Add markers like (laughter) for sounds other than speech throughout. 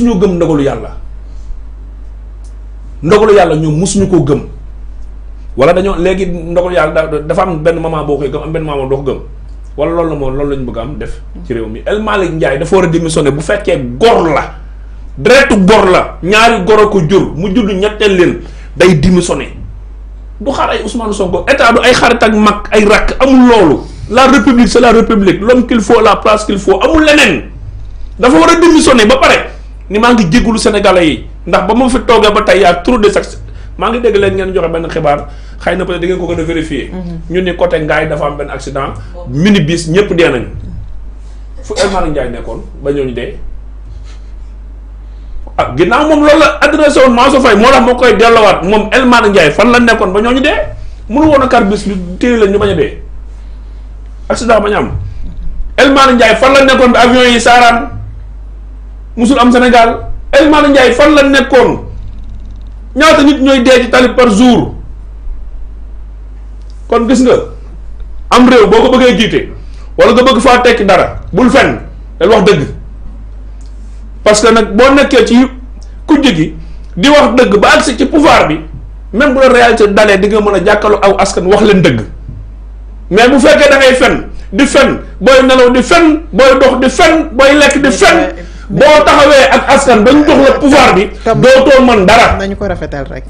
musuñu gëm ndogalu yàlla ndogalu yàlla ñoom musuñu koo gëm wala dañoo léegi ndogalu yàlla dafa am benn moment boo koy gëm am benn moment doo ko gëm wala loolu la moom loolu lañu bëgg am def ci réew mi El Malick Ndiaye dafa war a démissionner bu fekkee gor la deretu gor la ñaari goro mu judd ñetteel leen day démissionner du xaar ay Ousmane Sonko état du ay xarit ak mag ay rakk amul loolu la république c'est la république l'homme qu'il la place qu'il amul leneen dafa war a démissionner ba pare ni ma ngi jégulu sénégalais yi ndax ba ma fi toogee ba tey yaa trop de sax ma ngi dégg leen ngeen joxe benn xibaar xëy na peut être da ngeen ko gën a vérifier mhm. ñun ni côté ngaay dafa am benn accident mini bis ñëpp dee nañ fu El Malick Ndiaye nekkoon ba ñooñu dee ah ginnaaw moom loolu la adressé woon Mansour Faye moo tax moo koy dellowaat moom El Malick Ndiaye fan la nekkoon ba ñooñu dee mënu woon a kar bis ñu téye la ñu bañ a dee accident bañ am El Ndiaye fan la nekkoon ba avion yi saaraan musul am senegal El Malick Ndiaye fan la nekkon ñaata nit ñoy dé ci talib par jour kon gis nga am rew boko bëggé jité wala nga bëgg fa tekki dara bul fenn pas wax dëgg parce que nak bo nekké ci ku gi di wax dëgg ba ak ci pouvoir bi même bu la réalité dalé di nga mëna jakkalu aw askan wax leen dëgg mais bu féké da ngay fenn di fenn boy nalaw di fenn boy dox di fenn boy lek di fenn bo taxawé ak askan bañ dox la pouvoir bi to man dara nañ ko rafetal rek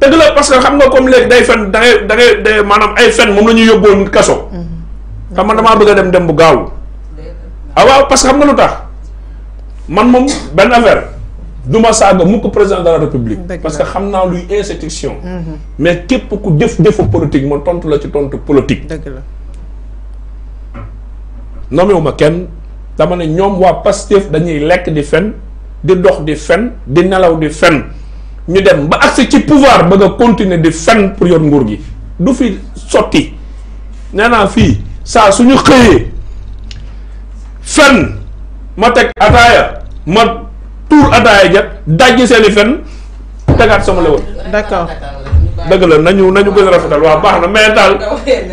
deug la parce que xam nga comme leg day fen da ngay da ngay manam ay fen mom lañu yobon kasso ta mm-hmm. man dama bëgg dem dem bu gaaw ah parce que xam nga lutax man mom ben affaire duma saga mukk président de la république parce que xam naa luy institution mm-hmm. mais képp ku def defu politique mo tontu la ci tontu politique deug la wu ma kenn dama ne ñom wa pastef dañuy lek di fen di dox di fen di nalaw di fen ñu dem ba ak ci pouvoir ba nga continuer di fen pour yor nguur gi du fi soti nena fi sa suñu xeye fen ma tek ataya ma tour ataya ja dajje seen fen tegaat sama d'accord dëgg la nañu nañu gën a rafetal waaw baax na mais daal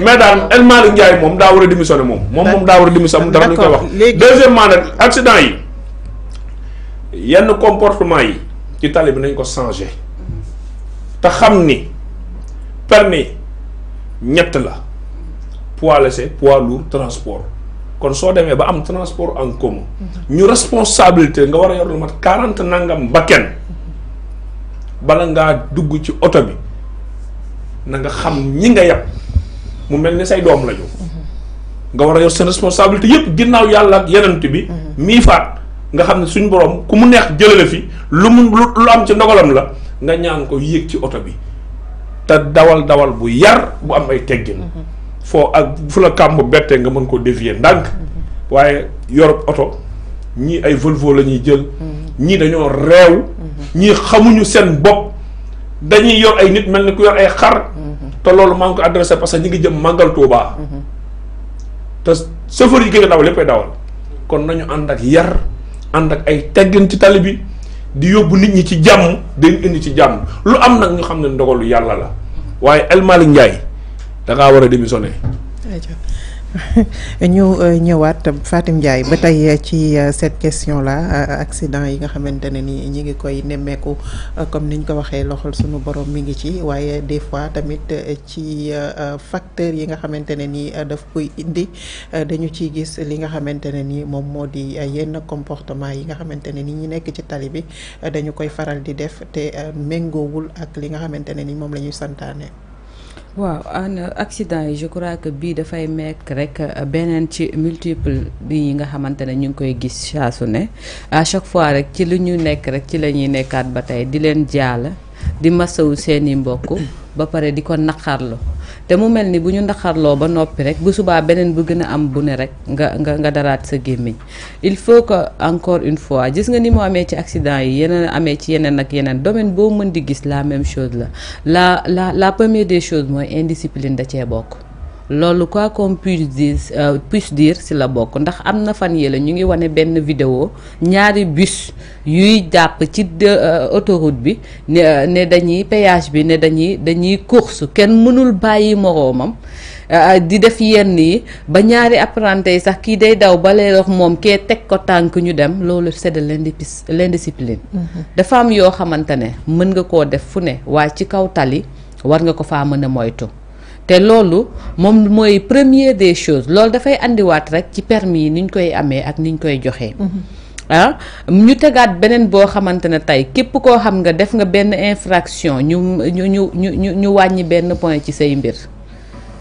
mais daal El mal Ndiaye moom daa war a démissionné moom moom moom daa war a démissionné dara ñu koy wax deuxièmement nag accident yi yenn comportement yi ci tali bi nañ ko changé te xam permis ñett la poids léger poids lourd transport kon soo demee ba am transport en commun ñu responsabilité nga war a yor lu mat 40 nangam bakken bala nga dugg ci oto bi na nga xam ñi nga yab mu mel ni say doom lañu nga war a yor seen responsabilité yëpp ginnaaw yàlla ak yenent bi mhm. mii faat nga xam ne suñ boroom ku mu neex jëlale fi lu mu lu am ci ndogalam la nga ñaan ko yéeg ci oto bi te dawal dawal bu yar bu am ay teggin mhm. foo ak fu la kàmb bettee nga mën koo dévier ndànk mhm. waaye yor oto ñii ay Volvo la ñuy jël ñii dañoo réew ñii xamuñu seen bopp dañuy yor ay nit mel ni ku yor ay xar. te loolu maa ngi ko adressé parce que ñu ngi jëm màggal Touba. te chauffeur yi gën a daw léppay dawal. kon nañu ànd ak yar ànd ak ay teggin ci tali bi di yóbbu nit ñi ci jàmm dañ indi ci jàmm lu am nag ñu xam ne ndogalu yàlla la waaye El Malick Ndiaye da ngaa war a démissionner. (laughs) ñu euh, ñëwaat Fatim Ndiaye ba tey euh, ci euh, cette question là accident yi nga xamante ne ni ñu ngi koy nemmeeku comme niñ ko waxee loxol suñu borom mi ngi ci waaye des fois tamit ci facteurs yi nga xamante ne ni daf koy indi dañu ci gis li nga xamante ne nii moom moo di yenn comportement yi nga xamante ne ni ñu nekk ci tali bi dañu koy faral di def te méngoowul ak li nga xamante ne ni moom la ñuy santaane. waaw an accident yi je crois que bii dafay mekk rek euh, beneen ci multiple bi yi nga xamante ne ñu ngi koy gis saa ne à chaque fois rek ci li ñuy nekk rek ci la ñuy nekkaat ba tey di leen jaala di masawu seeni mbokk ba pare di ko naqarlu te mu mel ni bu ñu ndaxarloo ba noppi rek bu subaa beneen bu gën a am bu ne rek nga nga nga daraat sa gémmiñ il faut que encore une fois gis nga ni mu amee ci accident yi yeneen amee ci yeneen ak yeneen domaine boo mën di gis la même chose la la la la première des choses mooy indiscipline da cee bokk loolu quoi qu'on puisse dire euh, puisse dire si la bokk ndax am na fan yële ñu ngi wane benn vidéo ñaari bus yuy jàpp ci euh, autoroute bi ne dañuy péage bi ne dañuy dañuy course kenn mënul bàyyi moroomam euh, di def yenn yi ba ñaari apprenti yi sax kii day daw balee wax moom kee teg ko tànk ñu dem loolu c'est de l'indiscipline mhm. dafa am yoo xamante ne mën nga koo def fu ne waaye ci kaw tali war nga ko faa mën a moytu te loolu moom mooy premier des chose loolu dafay indiwaat rek ci permis yi ni ñu koy amee ak ni ñu koy joxee mhm. ah ñu tegaat beneen boo xamante ne tey képp koo xam nga def nga benn infraction ñu ñu ñu ñu ñu wàññi benn point ci say mbir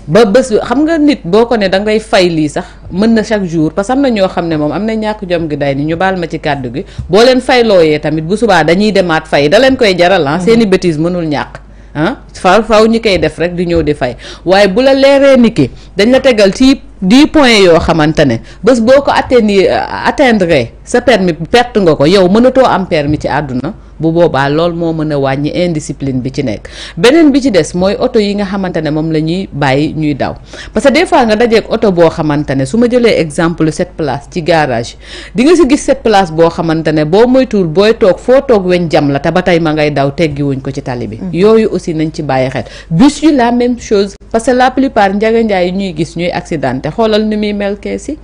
ba bés xam nga nit boo ko ne da ngay fay lii sax mën na chaque jour parce am na ñoo xam ne moom am na ñàkk jom gi day ni ñu baal ma ci kàddu gi boo leen faylooyee tamit bu subaa dañuy demaat fay da leen koy jaral ah mhm. seeni bêtise mënul ñàkk ah faaw faaw koy def rek di ñëw di fay waaye bu la leeree ni ki dañ la tegal ci dix point yoo xamante ne bés boo ko atteindre atteindre sa permis perte nga ko yow mënatoo am permis ci àdduna bu boobaa lool moo mën a wàññi indiscipline bi ci nekk beneen bi ci des mooy oto yi nga xamante ne moom la ñuy bàyyi ñuy daw parce que des fois nga dajeeg oto boo xamante ne su ma jëlee exemple cette place ci garage di nga si gis cette place boo xamante ne boo moytuwul booy toog foo toog weñ jam la te ba tey ma ngay daw teggiwuñ ko ci tali bi mm-hmm. yooyu aussi nañ ci bàyyi xel bu yi la même chose parce que la plupart njaganjaay yi ñuy gis ñuy accidenté xoolal ni muy melkee si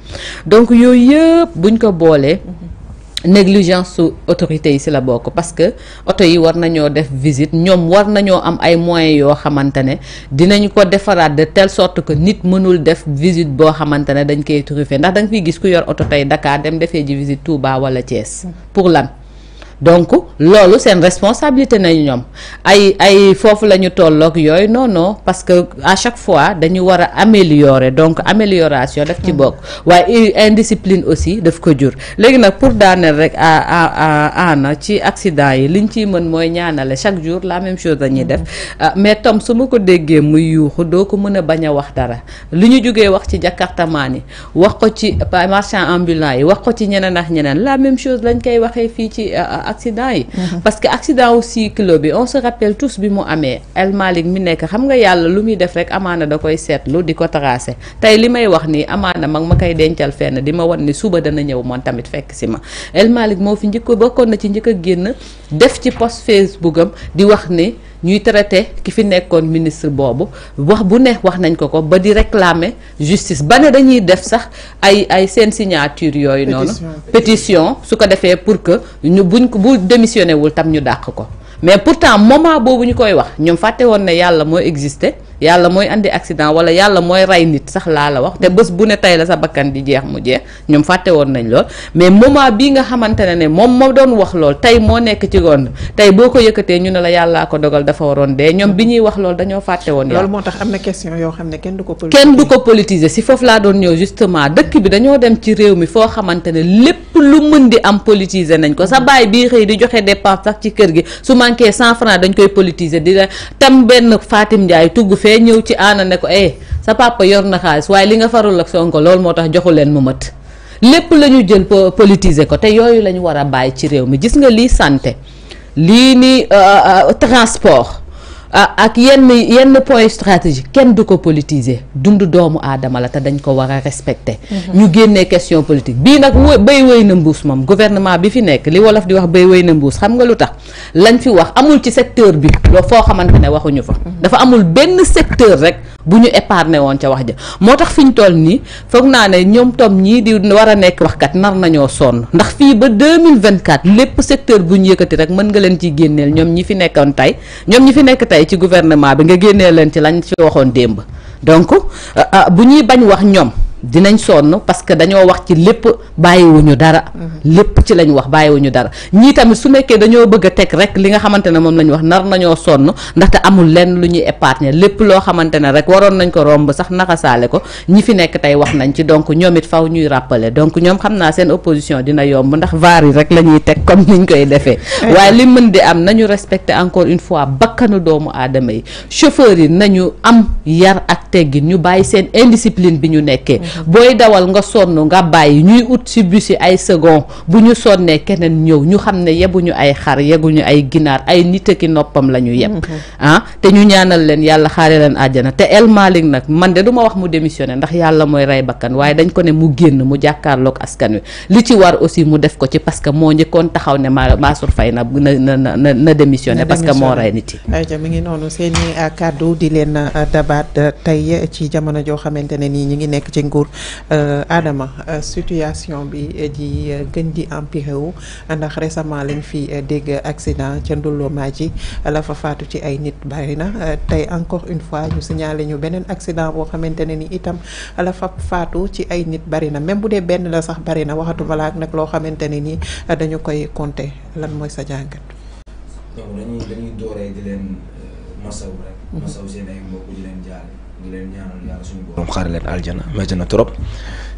donc yooyu yëpp buñ ko boolee mm-hmm. négligence su autorité yi si la bokk parce que oto yi war nañoo def visite ñoom war nañoo am ay moyens yoo xamante ne dinañ ko defaraat de telle sorte que nit mënul def visite boo xamante ne dañ koy truffé ndax da nga fiy gis ku yor auto tey Dakar dem defee ji visite Touba wala cees mm. pour lan donc loolu seen responsabilité nañu ñoom ay ay foofu la ñu tolloog yooyu non non parce que à chaque fois dañu war a améliorer donc amélioration daf ci mm. bokk waaye indiscipline aussi daf ko jur léegi nag pour daaneel rek a ana ci accident yi li liñ ciy mën mooy ñaanale chaque jour la même chose dañuy mm. def ah, mais Tom su ma ko déggee muy yuuxu doo ko mën a bañ a wax dara li ñu jógee wax ci jakartamaan yi wax ko ci marchand ambulant yi wax ko ci ñeneen ak ñeneen la accident yi mhm. parce que accident wu cyclo bi on se rappelle tous bi mu amee El Malick mi nekk xam nga yàlla lu muy def rek amaana da koy seetlu di ko tracé tey li may wax ni amaana mag ma koy dencal fenn di ma wan ni suba dana ñëw moom tamit fekk si ma El Malick moo fi njëkk bokkoon na ci njëkk a génn def ci post Facebook am di wax ni ñuy traité ki fi nekkoon ministre boobu wax bu ne wax nañ ko ko ba di réclamer justice ba ne dañuy def sax ay ay seen signature yooyu noonu pétition su ko defee pour que ñu buñ ko bu démissionné wul tam ñu dàq ko mais pourtant moment boobu ñu koy wax ñoom fàtte woon ne yàlla moo existé yàlla mooy indi accident wala yàlla mooy rey nit sax laa la wax te bés bu ne tey la sa bakkan di jeex mu ñoom fàtte woon nañ lool mais moment bii nga xamante ne ne moom moo doon wax lool tey moo nekk ci rond tey boo ko yëkkatee ñu ne la yàllaa ko dogal dafa waroon dee ñoom bi ñuy wax lool dañoo fàtte woon loolu moo tax am na question yoo xam ne kenn du ko kenn du ko politiser si foofu laa doon ñëw justement bi dañoo dem ci réew mi foo xamante ne lépp lu mën di am politiser nañ ko sa baay bii xëy di joxe dépense sax ci kër gi su manqué cent franc dañ koy politiser di la tam benn Fatim Ndiaye tugg fi fee ñëw ci aana ne ko eh sa papa yor na xaalis waaye li nga farul ak Sonko loolu moo tax joxu leen mu mat lépp la ñu jël politiser ko te yooyu la ñu war a bàyyi ci réew mi gis nga lii sante lii ni euh, euh, transport Ah, ak yenn yenn point stratégique kenn du ko politiser dundu doomu aadama la te dañ ko war a respecter. Mhm. ñu génnee question politique bii nag wë béy wéy na mbuus moom gouvernement bi fi nekk li wolof di wax béy wéy na mbuus xam nga lu tax lañ fi wax amul ci secteur bi loo foo xamante ne waxuñu fa. Mhm. dafa amul benn secteur rek. bu ñu épargné woon ca wax ja moo tax fi ñu toll nii foog naa ne ñoom tom ñii di war a nekk waxkat nar nañoo sonn ndax fii ba 2024 lépp secteur bu ñu yëkkati rek mën nga leen ciy génneel ñoom ñi fi nekkoon tey ñoom ñi fi nekk tey ci gouvernement bi nga génnee leen ci lañ ci waxoon démb donc euh, euh, bu ñuy bañ wax ñoom dinañ sonn parce que dañoo wax ci lépp bàyyiwuñu dara. lépp ci lañ wax bàyyiwuñu dara ñii tamit su nekkee dañoo bëgg a teg rek li nga xamante ne moom lañ wax nar nañoo sonn ndaxte amul lenn lu ñuy épargner lépp loo xamante ne rek waroon nañ ko romb sax naxasaale ko ñi fi nekk tey wax nañ ci donc ñoom it faw ñuy rappeler donc ñoom xam naa seen opposition dina yomb ndax vaar yi rek la ñuy teg comme niñ koy defee. waaye li mën di am nañu respecter encore une fois bakkanu doomu aadama yi chauffeur yi nañu am yar ak teggin ñu bàyyi seen indiscipline bi ñu nekkee. Mm-hmm. booy dawal nga sonn nga bàyyi ñuy ut ci bus yi ay second bu ñu sonnee keneen ñëw ñu xam ne yebuñu ay xar yeguñu ay ginaar ay nit ki noppam la ñu yeb mm-hmm. ah te ñu ñaanal leen yàlla xaare leen àjjana te El Malick nag man de du ma wax mu démissionné ndax yàlla mooy rey bakkan waaye dañ ko ne mu génn mu jàkkaarloog askan wi li ci war aussi mu def ko ci parce que moo njëkkoon taxaw ne ma Mansour Faye na na na na démissionné parce que moo rey nit yi ayca mi ngi noonu seen i ah, kàddu di ah, nguur euh, Adama euh, situation bi di euh, gën di empiré wu ndax récemment lañ fi dégg accident ca Ndoloma ji la fa faatu ci ay nit bari na tey encore une fois ñu signalé ñu beneen accident boo xamante ne ni itam la fa faatu ci ay nit bari na même bu dee benn la sax bari na waxatuma la ak nag loo xamante ne ni dañu koy compter lan mooy sa jàngat. di leen ñaanal yàlla suñu borom xaare na trop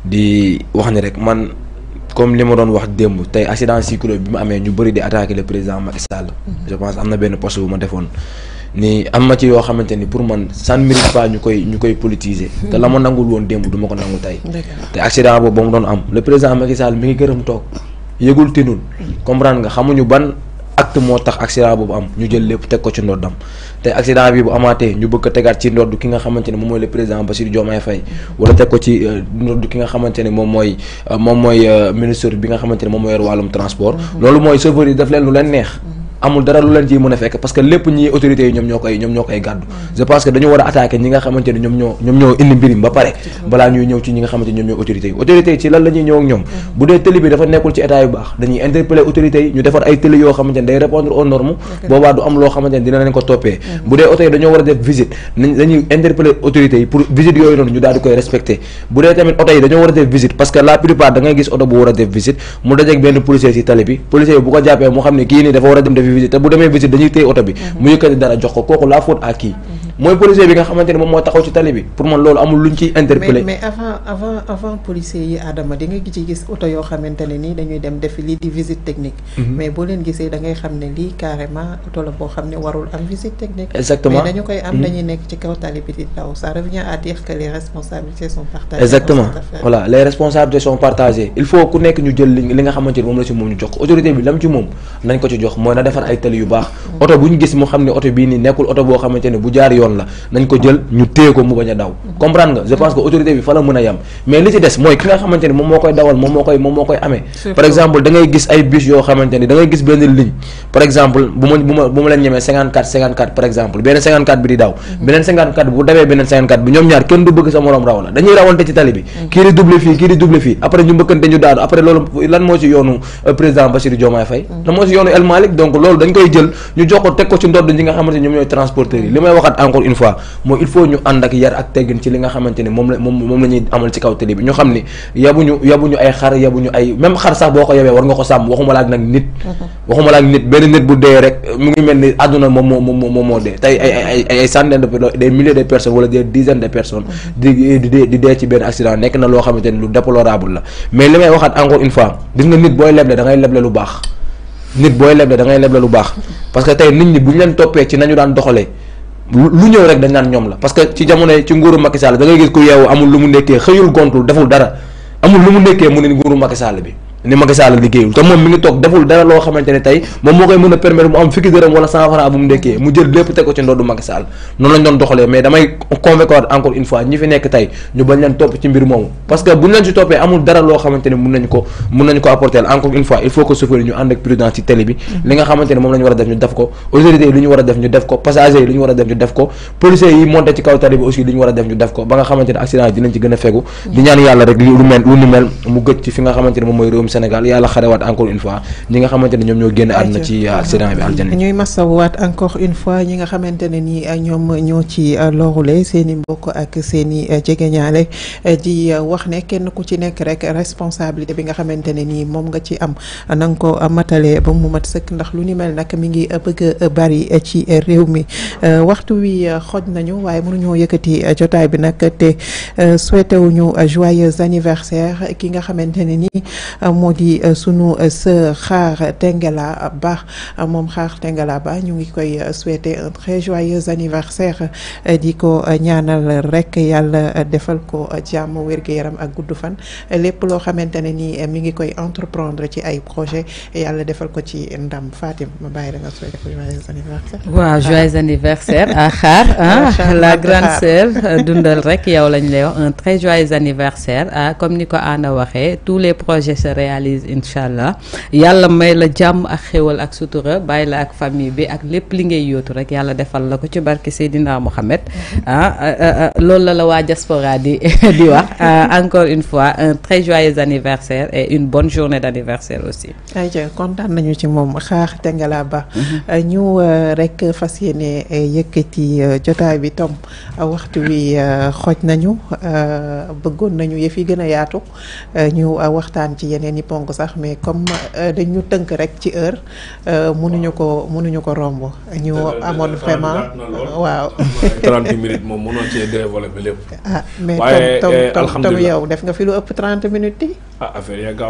di wax ni rek man comme li ma doon wax démb tey accident cyclo bi mu amee ñu bëri di attaquer le président Macky Sall. Mhm. je pense am na benn poste bu ma defoon. ni am na ci yoo xamante ni pour man ça ne pas ñu koy ñu koy politiser. te la ma nangul woon démb duma ko nangu tey. te accident boobu ba mu doon am le président Macky Sall mi ngi gërëm toog yëgul tinul mhm. comprendre nga xamuñu ban. acte moo tax accident boobu am ñu jël lépp teg ko ci ndoddam te accident bi bu amaatee ñu bëgg a tegaat ci ndodd ki nga xamante ne moom mooy la président Bassirou Diomaye fay wala teg ko ci euh, ndodd ki nga xamante ne moom mooy euh, moom euh, bi nga xamante ne moom mooy yor wàllum transport mhm. loolu mooy chauffeur yi daf leen lu leen neex mhm. amul dara lu leen ciy mën a fekk parce que lépp ñi autorités yi ñoom ñoo koy gàddu je pense que dañu war a attaquer ñi nga xamante ñoom ñoo indi mbirim ba pare balaa ñuy ñëw ci ñi nga xamante ñoom ñoo autorités yi autorités yi ci lan la ñëw ñoom bu dee télé bi dafa nekkul ci état baax dañuy interpeller autorités yi ñu defar ay télé yoo xamante day répondre aux am loo yi pour visite yooyu noonu ñu daal koy respecter bu dee tamit oto yi dañoo war visite te bu demee visite dañuy téye oto bi mu yëkkati dara jox ko kooku la faute à qui moy policier bi nga xamante mom mo taxaw ci talibi pour mon lolu amul luñ ci interpellé. mais mais avant avant avant policier yi Adama di nga ci gis oto yoo xamante ne dañuy dem def li di visite technique. Mhm. mais bo len gisee da ngay xam li carrément auto la bo xam warul am visite technique. exactement mais dañu koy am mhm. dañuy nekk ci kaw talibi bi di daw ça revient à dire que les responsabilités sont partagées. exactement voilà les responsabilités sont partagées il faut ku nekk ñu jël li nga xamante mom la ci mom ñu jox autorité bi lam ci mom nañ ko ci jox moy na defar ay tali yu baax. auto mm. buñu ñu gis moo xam ne oto bii nii nekkul oto boo xamante bu jaar yoon la nañ ko jël ñu téye ko mu baña daw comprendre nga je pense que autorité bi fa la mëna yam mais li ci dess moy ki nga xamanteni mom moom dawal mom moo mom moom amé par exemple da ngay gis ay bus yo xamanteni da ngay gis ben ligne par exemple buma buma bu ma leen ñemee 54 54 par exemple ben 54 bi di daw mhm. benen 54 bu dawee benen 54 bi ñom ñaar kenn du bëgg sa morom raw la dañuy rawante ci tali bi mhm. kii di double fi ki di double fi après ñu mbëkkante ñu daal après loolu lan mo ci yoonu euh, président Bassirou Diomaye fay mhm. lan mo ci yoonu El malik donc loolu dañ koy jël ñu jox ko teg ko ci ndod ñi nga xamanteni ñom ñoy transporteur yi limay waxat waxaat encore encore une fois moi il faut ñu ànd ak yar ak teggin ci li nga xamante mom mom la la ñuy amal ci kaw télé bi ñu xamni ni yabuñu yabuñu ay xar yabuñu ay même xar sax boko yewé war nga ko sam waxuma laak nak nit mm-hmm. waxuma laak nit benn nit bu dee rek mu ngi melni aduna mom mom mom mo dé tay ay ay ay centaine de des milliers de personnes wala des dizaines de personnes mm-hmm. di di di dé ci benn accident nek na lo xamante lu déplorable la mais limay waxat encore une fois gis nga nit boy leble da ngay leble lu bax nit boy leble da ngay leble lu bax parce que tay nit ñi buñu ñu leen toppee ci nañu daan doxalé lu ñëw rek dañ naan ñoom la parce que ci jamono ci nguuru Macky Sall da ngay gis ku yeewu amul lu mu nekkee xëyul gontul deful dara amul lu mu nekkee mu ne nguuru Macky Sall bi ni Macky Sall liggéeyul te moom mi ngi toog deful dara loo xamante tey moom moo koy mën a permettre mu am fukki dërëm wala cent francs bu mu ndekkee mu jël lépp teg ko ci ndoddu Macky Sall noonu lañ doxalee mais damay convaincre encore une fois fi nekk tey ñu bañ leen topp ci mbir moomu parce que buñ leen ci toppee amul dara loo xamante mun nañ ko mun nañ ko apporter encore une il faut que chauffeur yi ñu ànd ak prudence ci télé bi li nga xamante Sénégal yàlla xarewaat encore une fois ñi nga xamante ne ñoom ñoo génn àdduna ci euh, accident bi aljana ñuy masawaat encore une fois ñi nga xamante ne ni euh, ñoom ñoo ci euh, lorule seen i mbokk ak seen i jegeñaale di wax ne kenn ku ci nekk rek responsabilité bi nga xamante ne nii moom nga ci am na ko matale ba mu mat sëkk ndax lu ni mel nag mi ngi bëgg a bari ci réew mi waxtu wi xoj nañu waaye mënuñoo yëkkati jotaay bi nag te souhaité wuñu joyeux anniversaire ki nga xamante ne moo di euh, sunu euh, sœur t'engala Tengela Ba euh, mon xaar Tengela Ba ñu ngi koy souhaiter un très joyeux anniversaire di ko ñaanal rek yalla defal ko jàmm wér-gu-yaram ak guddu fan lepp lo ni mi ngi koy entreprendre ci ay projet yalla defal ko ci ndam Fatim ma bàyyi nga souhaiter joyeux anniversaire. Wa, joyeux anniversaire à hein, la grande sœur dundal rek yow lañ lay wax un très joyeux anniversaire à comme niko ana tous les projets seraient réalise incha allah yàlla may la jàmm ak xéwal ak sutura bàyyi la ak famille bi ak lépp li ngay yootu rek yàlla defal la ko ci barke Seydina Mohamed mm-hmm. ah, ah, ah, ah loolu la la waa diaspora di (laughs) di wax encore une fois un très joyeux anniversaire et une bonne journée d'anniversaire aussi. ayca kontaan nañu ci moom xaax te nga ba mm-hmm. ñu euh, rek fas yéene euh, yëkkati euh, jotaay bi tom waxtu wi xooj nañu bëggoon nañu yëf yi gën yaatu ñu waxtaan ci yeneen. ñi ponk sax mais comme euh, dañu tënk rek ci heure euh, mënuñu ko mënuñu ko romb ñu amoon vraiment waaw 30 (laughs) minutes moom mënoon cee développé lépp ah mais tom tom eh, yow def nga fi lu ëpp 30 minutes yi ah,